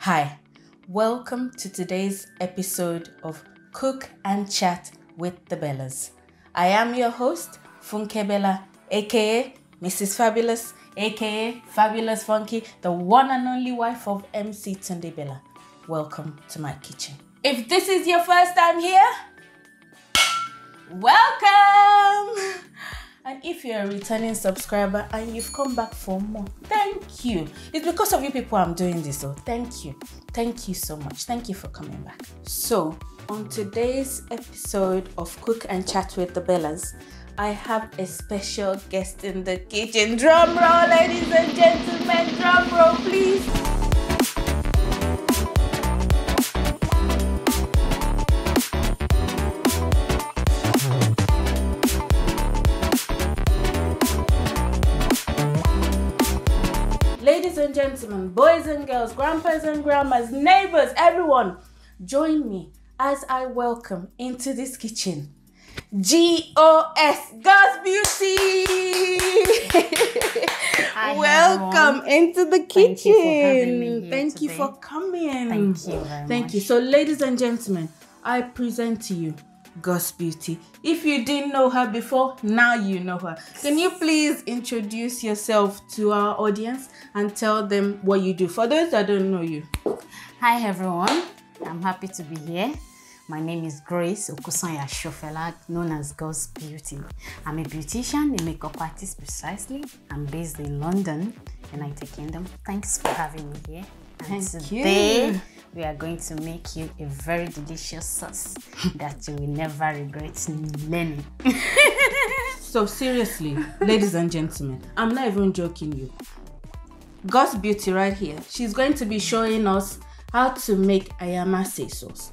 Hi, welcome to today's episode of Cook and Chat with the Bellas. I am your host, Funke Bella, aka Mrs. Fabulous, aka Fabulous Funky, the one and only wife of MC Tunde Bella. Welcome to my kitchen. If this is your first time here, welcome! And if you're a returning subscriber and you've come back for more, thank you. It's because of you people I'm doing this, so thank you. Thank you so much. Thank you for coming back. So, on today's episode of Cook and Chat with the Bellas, I have a special guest in the kitchen. Drum roll, ladies and gentlemen, drum roll, please. boys and girls, grandpas and grandmas, neighbors, everyone, join me as I welcome into this kitchen GOS, God's Beauty. welcome into the kitchen. Thank you for, Thank you for coming. Thank you. Thank much. you. So, ladies and gentlemen, I present to you God's beauty. If you didn't know her before, now you know her. Can you please introduce yourself to our audience and tell them what you do? For those that don't know you. Hi everyone, I'm happy to be here. My name is Grace Okusanya Shofela, known as God's Beauty. I'm a beautician, a makeup artist precisely. I'm based in London, United Kingdom. Thanks for having me here. And Thank today, you we are going to make you a very delicious sauce that you will never regret learning. so seriously, ladies and gentlemen, I'm not even joking you. God's beauty right here. She's going to be showing us how to make ayamase sauce.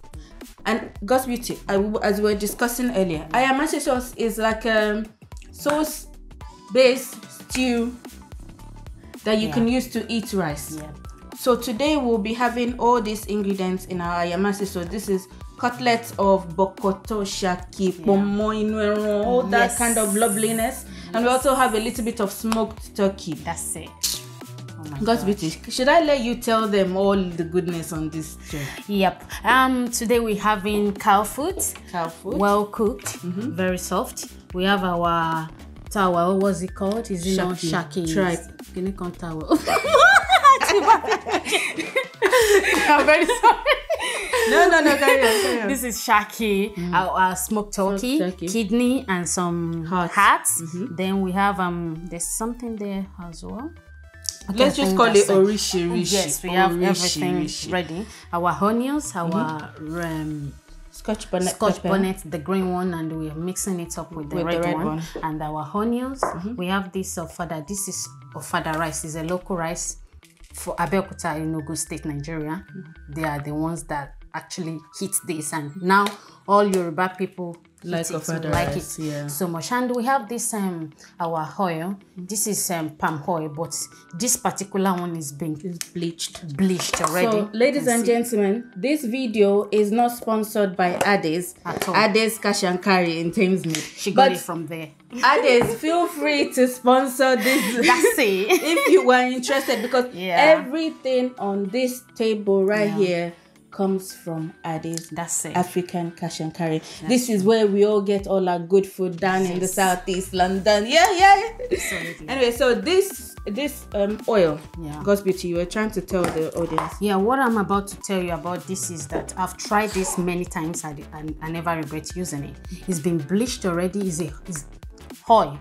And God's beauty, as we were discussing earlier, ayamase sauce is like a um, sauce-based stew that you yeah. can use to eat rice. Yeah. So today we'll be having all these ingredients in our ayamasi. So this is cutlets of bokoto shaki, pomo all that kind of loveliness. Yes. And we also have a little bit of smoked turkey. That's it. Oh God's Should I let you tell them all the goodness on this Yep. Um, today we're having cow food. Cow food. Well cooked, mm -hmm. very soft. We have our tower. What was it called? Is it Shaki. not Shaki? Tripe. guinea corn tower? I'm very sorry. No, no, no, carry on, carry on. This is shaki, mm. our, our smoked turkey, kidney, and some hearts. hearts. Mm -hmm. Then we have um, there's something there as well. Okay, Let's just call it orishi rishi. Yes, we orishi, have everything rishi. ready. Our onions, our mm -hmm. um, scotch bonnet, scotch bonnet, the green one, and we are mixing it up with the, with red, the red one. one. And our onions, mm -hmm. we have this fada. This is fada rice. It's a local rice for Abeokuta in Ogun State, Nigeria, they are the ones that actually hit this. And now all Yoruba people like it, so like it yeah. so much. And we have this um our oil. Mm-hmm. This is um palm oil, but this particular one is being it's bleached, bleached already. So, ladies and see. gentlemen, this video is not sponsored by Ades at all. Ades Cash and Carry in Thamesmead. She got but it from there. Ades, feel free to sponsor this. That's it. if you were interested, because yeah. everything on this table right yeah. here comes from Addis. That's it. African cash and carry. That's this is where we all get all our good food down yes. in the southeast London. Yeah, yeah. Absolutely. anyway, so this this um oil. Yeah. God's beauty. You were trying to tell the audience. Yeah, what I'm about to tell you about this is that I've tried this many times and I, I, never regret using it. It's been bleached already. Is a is hoi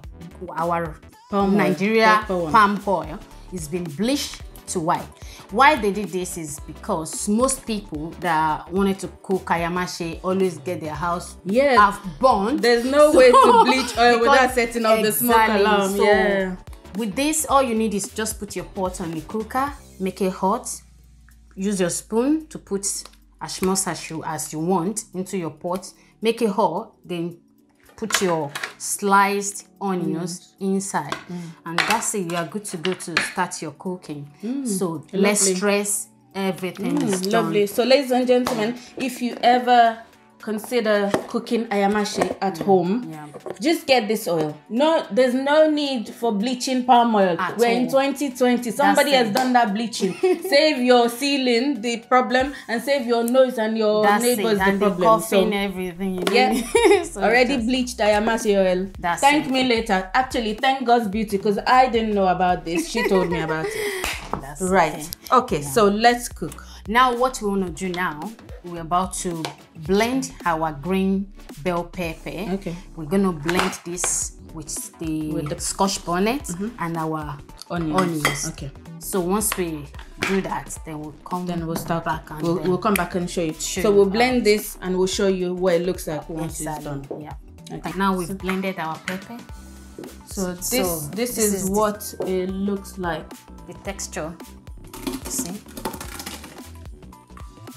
our palm Nigeria oil, palm oil. It's been bleached to white. Why they did this is because most people that wanted to cook kayamashi always get their house yeah. have burned. There's no so, way to bleach oil without setting off exactly, the smoke alarm. So yeah. With this, all you need is just put your pot on the cooker, make it hot, use your spoon to put as much as you as you want into your pot, make it hot, then put your sliced onions mm. inside mm. and that's it you are good to go to start your cooking mm. so less stress everything mm, is done. lovely so ladies and gentlemen if you ever consider cooking ayamashi at home, yeah. just get this oil. No, there's no need for bleaching palm oil. At We're all. in 2020. Somebody That's has it. done that bleaching. save your ceiling the problem, and save your nose and your That's neighbors the problem. Coughing, so, everything. yeah, so already just... bleached ayamashi oil. That's thank it. me later. Actually, thank God's beauty because I didn't know about this. She told me about it. That's right. Okay, okay yeah. so let's cook. Now, what we want to do now we're about to blend our green bell pepper. Okay. We're going to blend this with the, with the scotch bonnet mm -hmm. and our onions. onions. Okay. So once we do that, then we'll come. Then we'll start back and we'll, we'll come back and show you. Show so we'll blend out. this and we'll show you what it looks like once exactly. it's done. Yeah. Okay. now we've blended our pepper. So this so this, this is, is, what the, it looks like. The texture. See.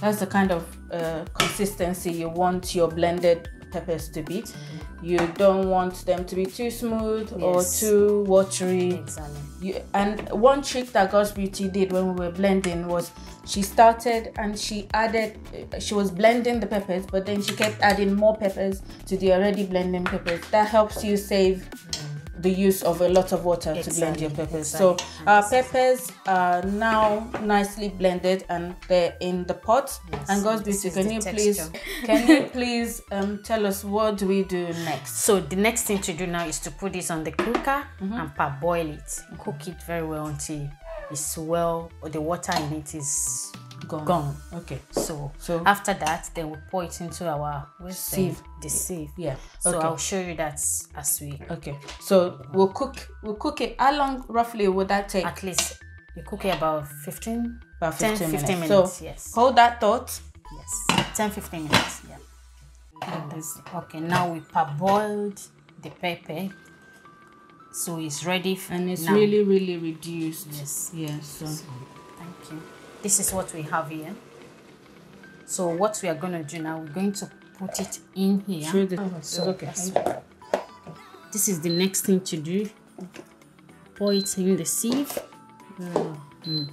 That's the kind of uh, consistency you want your blended peppers to be. You don't want them to be too smooth yes. or too watery. Exactly. You, and one trick that God's Beauty did when we were blending was she started and she added, she was blending the peppers, but then she kept adding more peppers to the already blending peppers. That helps you save. Mm the use of a lot of water exactly, to blend your peppers. Exactly. So uh, our peppers are now nicely blended and they're in the pot. Yes, and God's beauty, can you, can you please can you please um, tell us what do we do next? So the next thing to do now is to put this on the cooker mm -hmm. and parboil it. Cook it very well until it's well or the water in it is gone. Gone. Okay. So, so after that, then we pour it into our sieve. The sieve. Yeah. Okay. So I'll show you that as we. Okay. So we'll cook. We'll cook it. How long roughly would that take? At least you cook it about 15, about 15, 10, 15 minutes. minutes. So yes. Hold that thought. Yes. 10, 15 minutes. Yeah. Okay. Now we parboiled the pepper so it's ready and it's now. really really reduced yes yes so. So. This is what we have here. So what we are going to do now, we're going to put it in here. Sure, the, so, oh, okay. This is the next thing to do. Pour it in the sieve. Mm.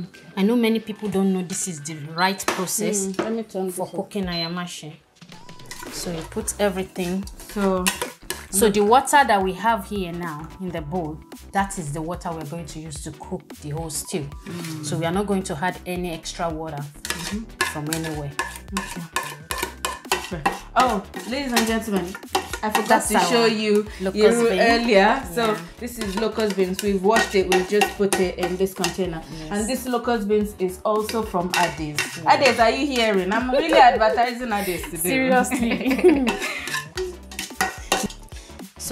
Okay. I know many people don't know this is the right process mm, for cooking ayamashi. So you put everything. So so the water that we have here now in the bowl, that is the water we're going to use to cook the whole stew. Mm. So we are not going to add any extra water mm -hmm. from anywhere. Okay. Oh, ladies and gentlemen, I forgot That's to show you earlier. So this is locust beans. We've washed it. We've just put it in this container. Yes. And this locust beans is also from Ades. Yeah. Ades, are you hearing? I'm really advertising Ades today. Seriously.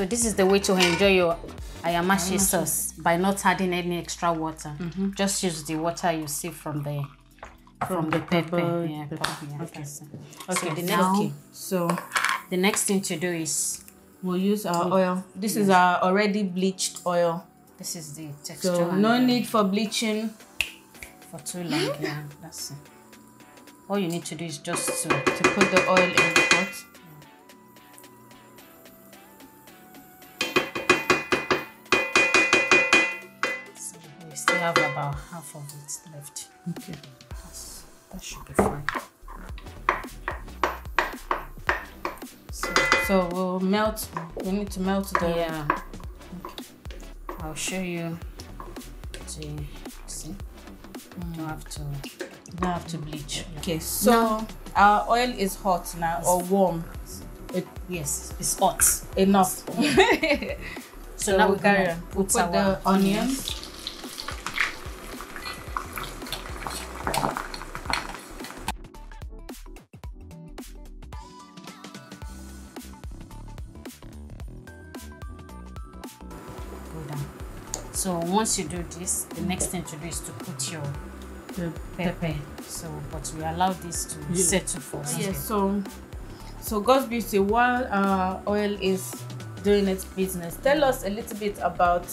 So this is the way to enjoy your ayamashi, ayamashi. sauce by not adding any extra water. Mm -hmm. Just use the water you see from the from, from the, the pepper. pepper. Yeah, pepper. Yeah, okay. Okay. So the next okay. so the next thing to do is we'll use our oil. This yes. is our already bleached oil. This is the texture. So no need for bleaching for too long. yeah, that's it. All you need to do is just to, to put the oil in. have about half of it left. Okay. That's, that should be fine. So, so we'll melt, we need to melt the... Yeah. Okay. I'll show you the, see? Don't have to... Don't have to bleach. Okay, so now, our oil is hot now, or warm. It, yes, it's hot. Enough. so, so, now we can put, put our the onions. onions. So once you do this, the next thing to do is to put your the pepper. pepper. So, but we allow this to yeah. settle for Yes. Yeah, so, so God's beauty. While uh, oil is doing its business, tell us a little bit about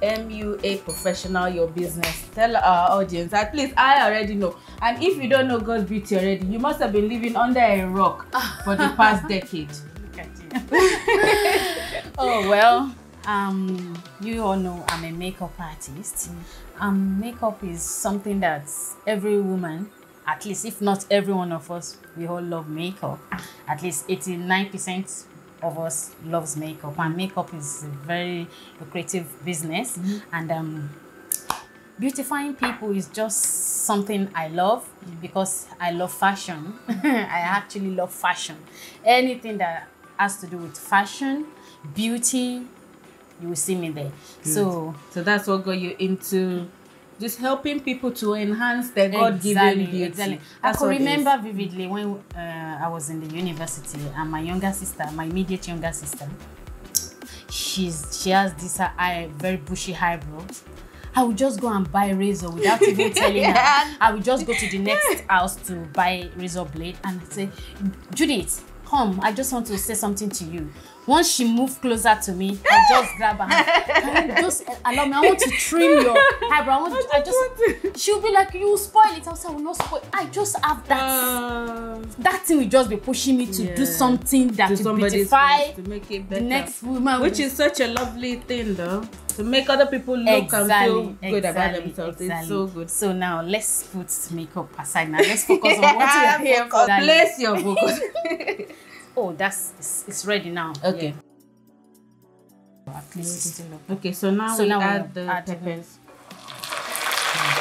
MUA Professional, your business. Tell our audience at least I already know. And if you don't know God's beauty already, you must have been living under a rock for the past decade. Look at you. oh well. Um, you all know I'm a makeup artist. Um, makeup is something that every woman, at least if not every one of us, we all love makeup. At least 89% of us loves makeup and makeup is a very lucrative business mm -hmm. and um, beautifying people is just something I love because I love fashion. I actually love fashion. Anything that has to do with fashion, beauty, you will see me there. Good. So so that's what got you into just helping people to enhance their God-given exactly, beauty. Exactly. I can remember vividly when uh, I was in the university, and my younger sister, my immediate younger sister, she's she has this eye, very bushy eyebrows. I would just go and buy razor without even telling yeah. her. I would just go to the next house to buy razor blade and say, Judith, Come, I just want to say something to you. Once she moved closer to me, I just grabbed her hand. Can you just eh, allow me? I want to trim your eyebrow. I, want to, I just. She'll be like, you spoil it. I'll say, I will not spoil. I just have that. Uh, that thing will just be pushing me to yeah. do something that to will beautify to make it better. the next woman. Which is such a lovely thing, though to make other people look exactly, and feel exactly, good about themselves. Exactly. It's so good. So now let's put makeup aside. Now let's focus on what you're here for. Place your focus. oh, that's it's, it's, ready now. Okay. Yeah. Okay, so now so we now add we'll the add peppers.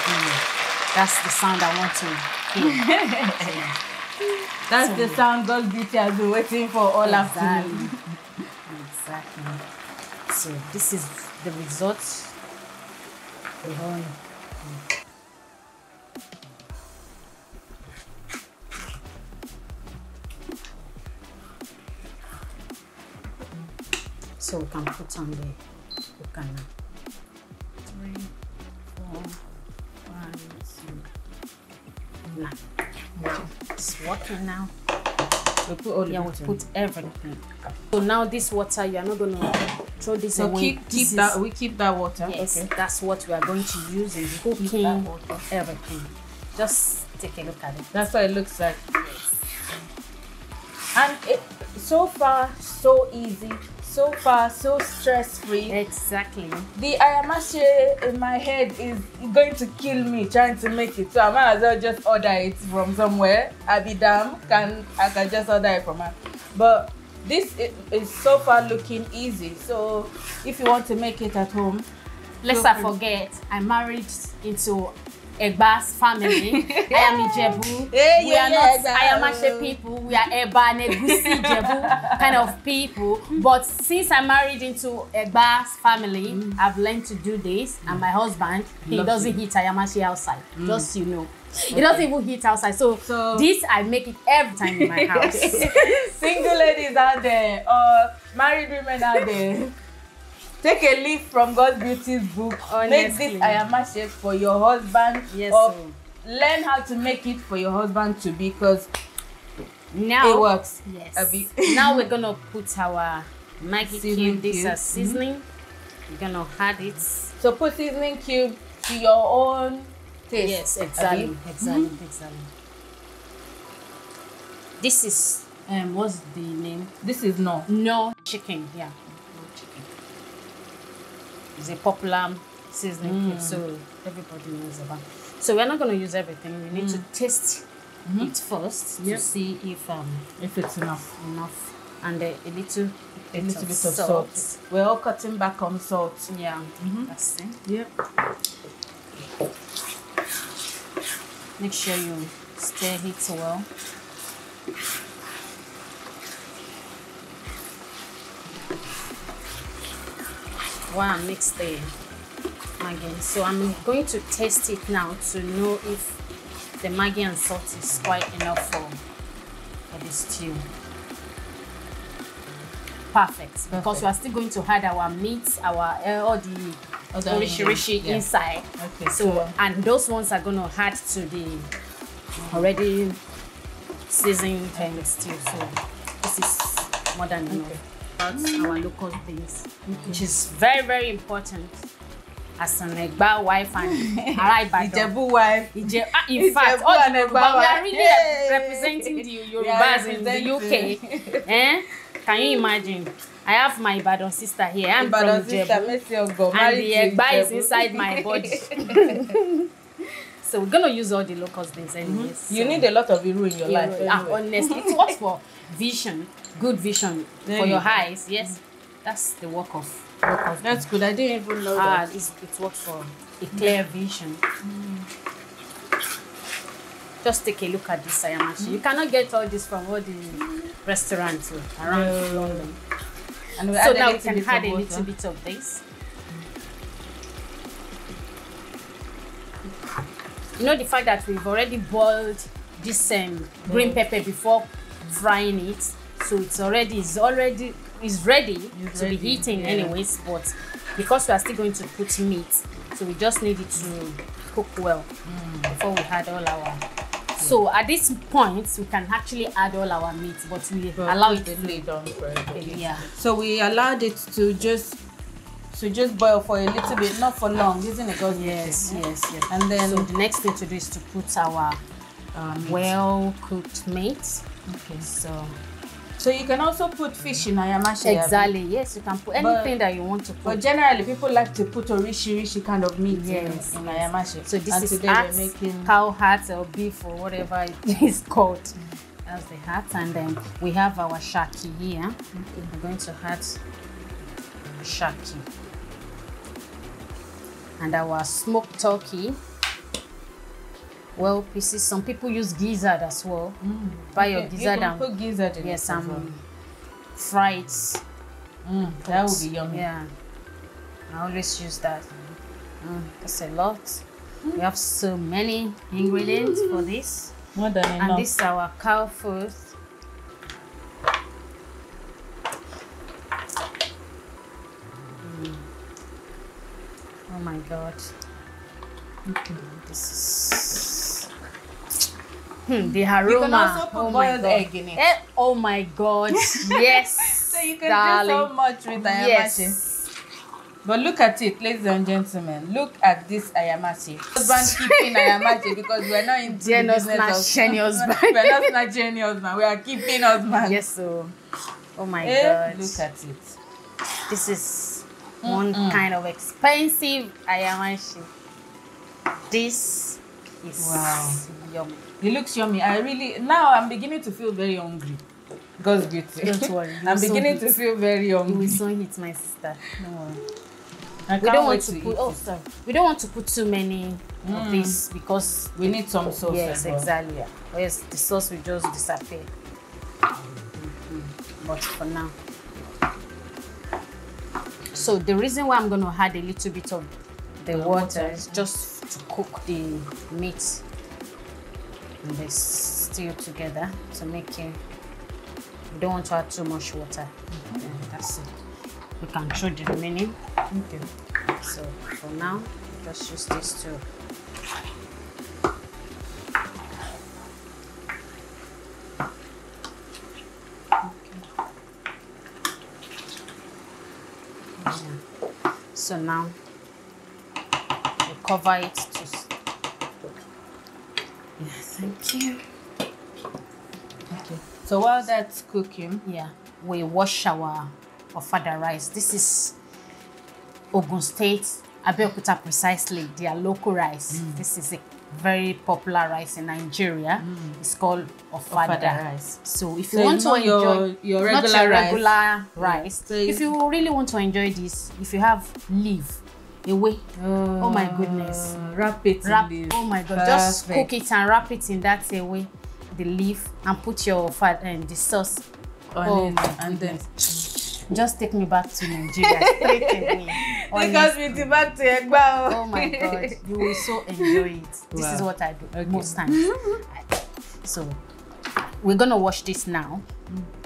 Mm. That's the sound I want to hear. That's so, the sound God beauty has been waiting for all exactly. afternoon. exactly so this is the result so we can put on the cooker now it's working now we put all yeah, put everything. So now this water, you are not gonna throw this so away. keep, keep that. we keep that water. Yes, okay. that's what we are going to use in cooking everything. Just take a look at it. That's what it looks like. Yes. And it, so far, so easy so far, so stress free. Exactly. The Ayamashe in my head is going to kill me trying to make it. So I might as well just order it from somewhere. Abidam can I can just order it from her. But this is so far looking easy. So if you want to make it at home, let's not forget I married into Egba's family. I am Ijebu. Yeah, we yeah, are not yeah, Ayamache people. We are Eba, Negusi, Ijebu kind of people. But since I married into Egba's family, mm. I've learned to do this. Mm. And my husband, he Love doesn't hit Ayamache outside. Mm. Just you know. Okay. It doesn't even heat outside. So, so this I make it every time in my house. Single ladies out there, or uh, married women out there. take a leaf from God's beauty book. Honestly. Make this ayama shape for your husband. Yes. Or learn how to make it for your husband to be because now it works. Yes. A bit. now we're gonna put our Maggie seasoning cube. This is mm-hmm. seasoning. Mm -hmm. We're gonna add it. So put seasoning cube to your own taste. Yes, exactly, mm-hmm. exactly, mm -hmm. exactly. This is um, what's the name? This is no. No chicken. Yeah is a popular seasoning mm. kit, so everybody knows about. So we're not going to use everything. We need mm. to taste mm -hmm. it first yep. to see if um if it's enough. Enough, and uh, a, a little bit, a little bit of salt. salt. We're all cutting back on salt. Yeah, -hmm. that's it. Yep. Make sure you stir it well. while I mix the Maggi. So I'm going to test it now to know if the Maggi and salt is quite enough for, for the stew. Perfect, Perfect. Because we are still going to add our meat, our uh, all the orishirishi yeah. inside. Okay. So cool. and those ones are gonna add to the already seasoned kind eh, of stew. So this is more than enough. Okay. about our local things, okay. which is very, very important. As an Egba wife and Ara Ibadan. Ijebu wife. Ije ah, in Ijebu fact, all the Egba Yoruba, we are really hey. representing the Yorubas in the UK. eh? Can you imagine? I have my Ibadan sister here. I'm Ibadan from sister, Ijebu. And the Egba is inside my body. So we're gonna use all the local things mm-hmm. anyways. Mm-hmm. So. You need a lot of iru in your iru, life. Ah, anyway. Ah, honestly, it works for vision. good vision for your eyes. Yes, mm. that's the work of, work of That's good. I didn't even know ah, that. It's, it works for a clear mm. vision. Mm. Just take a look at this sayamashi. You cannot get all this from all the restaurants around no. London. And so now we can add a little bit of this. you know the fact that we've already boiled this um, green pepper before frying it so it's already it's already is ready it's to ready. be eaten yeah. anyways but because we are still going to put meat so we just need it to cook well mm. before we add all our so at this point we can actually add all our meat but we but allow it to down yeah so we allowed it to just to just boil for a little bit not for long isn't it yes it, yes yes and then so the next thing to do is to put our um, well cooked meat okay so so you can also put fish in ayamashi. Exactly, yes, you can put anything but, that you want to put. But generally, people like to put orishi-rishi kind of meat yes, in, in yes. ayamashi. So this and is heart, making... cow heart or beef or whatever it is called. That's the heart. And then we have our shaki here. Okay. We're going to add shaki. And our smoked turkey well, pieces. Some people use gizzard as well. Mm. Buy okay. your gizzard you put gizzard in some um, well. fries. Mm, that would be yummy. Yeah, I always use that. Mm, that's a lot. Mm. We have so many ingredients for this. More than enough. And this is our cow food. Mm. Oh my god. Okay. This is Hmm, the aroma. You can also put oh boiled egg in it. Eh, oh my god. Yes. so you can darling. do so much with ayamashi. Yes. But look at it, ladies and gentlemen. Look at this ayamashi. Husband keeping ayamashi because we're not in the business of husband. we're not genius man. We are keeping husband. Yes, so. Oh. oh my eh, god. Look at it. This is mm -mm. one kind of expensive ayamashi. This is wow. yummy. It looks yummy. I really now I'm beginning to feel very hungry. God's beauty. Don't worry. I'm beginning to feel very hungry. We saw it, my sister. No worry. we don't want to, to put. Oh, sorry. We don't want to put too many mm. of this because we need some sauce. Yes, exactly. Yeah. Or else the sauce will just disappear. Mm -hmm. But for now. So the reason why I'm going to add a little bit of the, the water, water is just to cook the meat and they stir together to make it you don't want to add too much water mm -hmm. that's it we can throw the remaining okay so for now just use this to okay. yeah. So now we cover it Okay. So while that's cooking, yeah, we wash our ofada rice. This is Ogun State, Abeokuta precisely, their local rice. Mm. This is a very popular rice in Nigeria. Mm. It's called ofada. ofada rice. So if you want to enjoy your, your regular, your regular rice, rice. So if you really want to enjoy this, if you have leaf, away. Uh, oh. oh my goodness. Wrap it wrap, in this. Oh my god, just cook it and wrap it in that away, the leaf, and put your fat and um, the sauce on oh, it. And then just take me back to Nigeria straight away. Because we take back to Egba. Oh my god, you will so enjoy it. This wow. is what I do okay. most times. So we're gonna wash this now.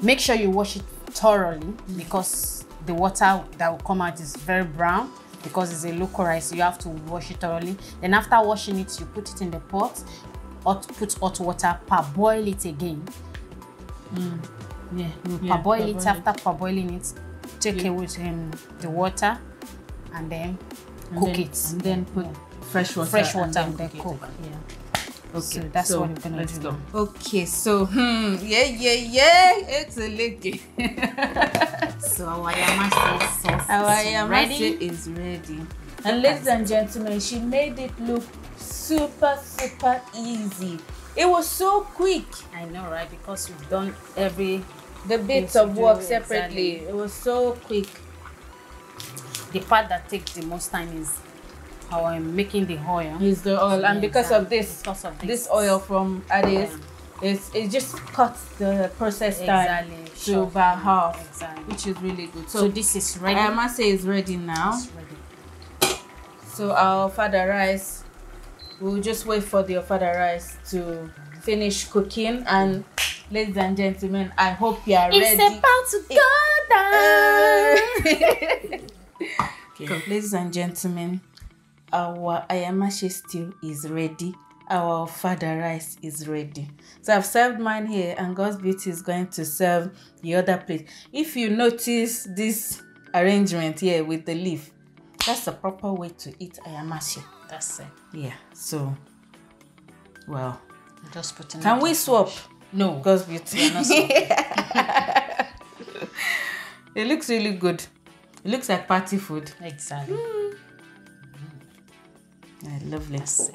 Make sure you wash it thoroughly because the water that will come out is very brown because it's a local rice, you have to wash it thoroughly. Then after washing it, you put it in the pot, put hot water, parboil it again. Mm. Yeah, yeah, parboil it after parboiling it, take yeah. away um, the water and then and cook then, it. And then put yeah. fresh water. Fresh water and and then cook. Yeah. Okay, so that's so what we're gonna let's do. Go. Okay, so hmm, yeah, yeah, yeah, it's a lady. so our yamase sauce our is ready. is ready. And ladies and gentlemen, she made it look super, super easy. It was so quick. I know, right? Because you've done every the bits of work separately. Exactly. It was so quick. The part that takes the most time is how I'm making the oil. Is the oil, yes, and because of, this, because of this, this, oil from Addis, yeah. it's, it just cuts the process time to about half, exactly. which is really good. So, so this is ready. I must say it's ready now. It's ready. So our fada rice, we'll just wait for the fada rice to finish cooking and ladies and gentlemen, I hope you are it's ready. It's about to go down. Eh. okay. Ladies and gentlemen, our ayamashi stew is ready our fada rice is ready so i've served mine here and god's beauty is going to serve the other plate if you notice this arrangement here with the leaf that's the proper way to eat ayamashi that's it yeah so well I'm just putting can we swap no god's beauty it looks really good it looks like party food exactly mm. I love this.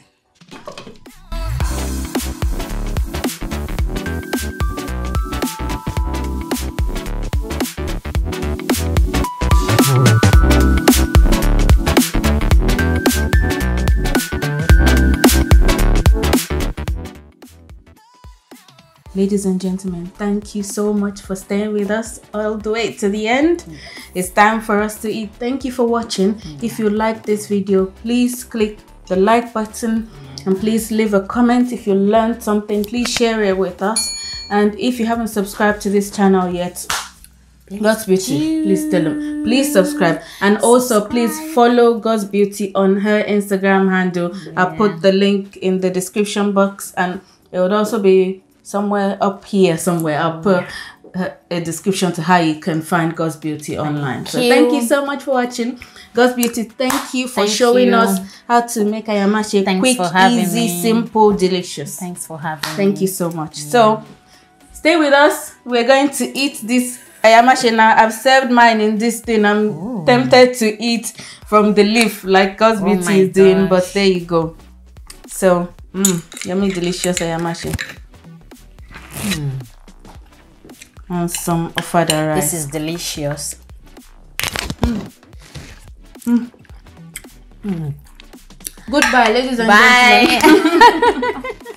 ladies and gentlemen thank you so much for staying with us all the way to the end mm. it's time for us to eat thank you for watching mm. if you like this video please click the like button and please leave a comment if you learned something please share it with us and if you haven't subscribed to this channel yet God's Beauty, please tell them. Please subscribe. And also please follow God's Beauty on her Instagram handle. Yeah. I'll put the link in the description box and it would also be somewhere up here somewhere. I'll put uh, yeah a description to how you can find God's beauty online. Thank so you. thank you so much for watching. God's beauty, thank you for thank showing you. us how to make ayamashi Thanks quick, easy, me. simple, delicious. Thanks for having thank me. Thank you so much. Yeah. So stay with us. We're going to eat this ayamashi now. I've served mine in this thing. I'm Ooh. tempted to eat from the leaf like God's oh beauty is doing, gosh. but there you go. So, mm, yummy, delicious ayamashi. Hmm and some ofada rice. This is delicious. Mm. Mm. Mm. Goodbye, ladies and Bye. gentlemen.